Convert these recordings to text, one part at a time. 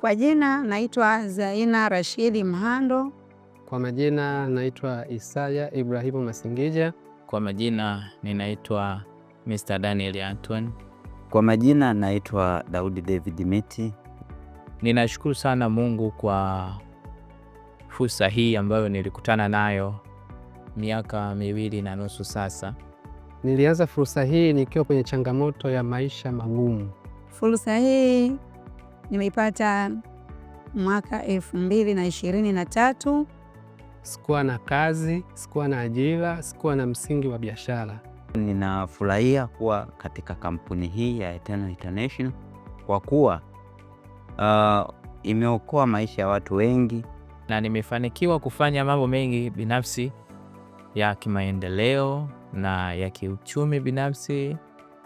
Kwa jina naitwa Zaina Rashidi Mhando. Kwa majina naitwa Isaya Ibrahimu Masingija. Kwa majina ninaitwa Mr. Daniel Anton. Kwa majina naitwa Daudi David Miti. Ninashukuru sana Mungu kwa fursa hii ambayo nilikutana nayo miaka miwili na nusu sasa. Nilianza fursa hii nikiwa kwenye changamoto ya maisha magumu. Fursa hii nimeipata mwaka elfu mbili na ishirini na tatu. Sikuwa na kazi, sikuwa na ajira, sikuwa na msingi wa biashara. Ninafurahia kuwa katika kampuni hii ya Eternal International kwa kuwa uh, imeokoa maisha ya watu wengi na nimefanikiwa kufanya mambo mengi binafsi ya kimaendeleo na ya kiuchumi binafsi.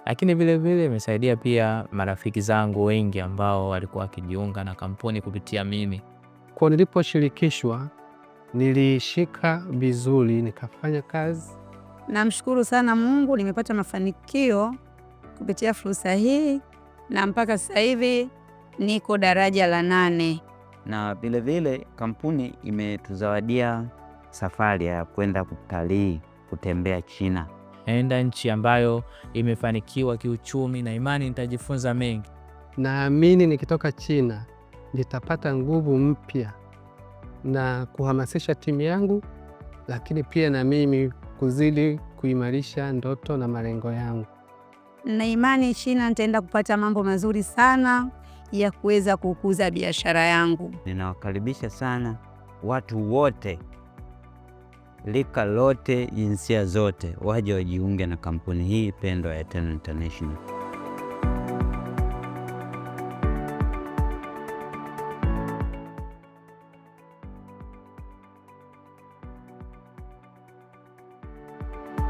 Lakini vilevile imesaidia pia marafiki zangu wengi ambao walikuwa wakijiunga na kampuni kupitia mimi. Kwa niliposhirikishwa, nilishika vizuri, nikafanya kazi. Namshukuru sana Mungu, nimepata mafanikio kupitia fursa hii, na mpaka sasa hivi niko daraja la nane, na vilevile kampuni imetuzawadia safari ya kwenda kutalii, kutembea China naenda nchi ambayo imefanikiwa kiuchumi, na imani nitajifunza mengi. Naamini nikitoka China nitapata nguvu mpya na kuhamasisha timu yangu, lakini pia na mimi kuzidi kuimarisha ndoto na malengo yangu. Na imani China nitaenda kupata mambo mazuri sana ya kuweza kukuza biashara yangu. Ninawakaribisha sana watu wote lika lote, jinsia zote waje wajiunge na kampuni hii pendwa ya Eternal International.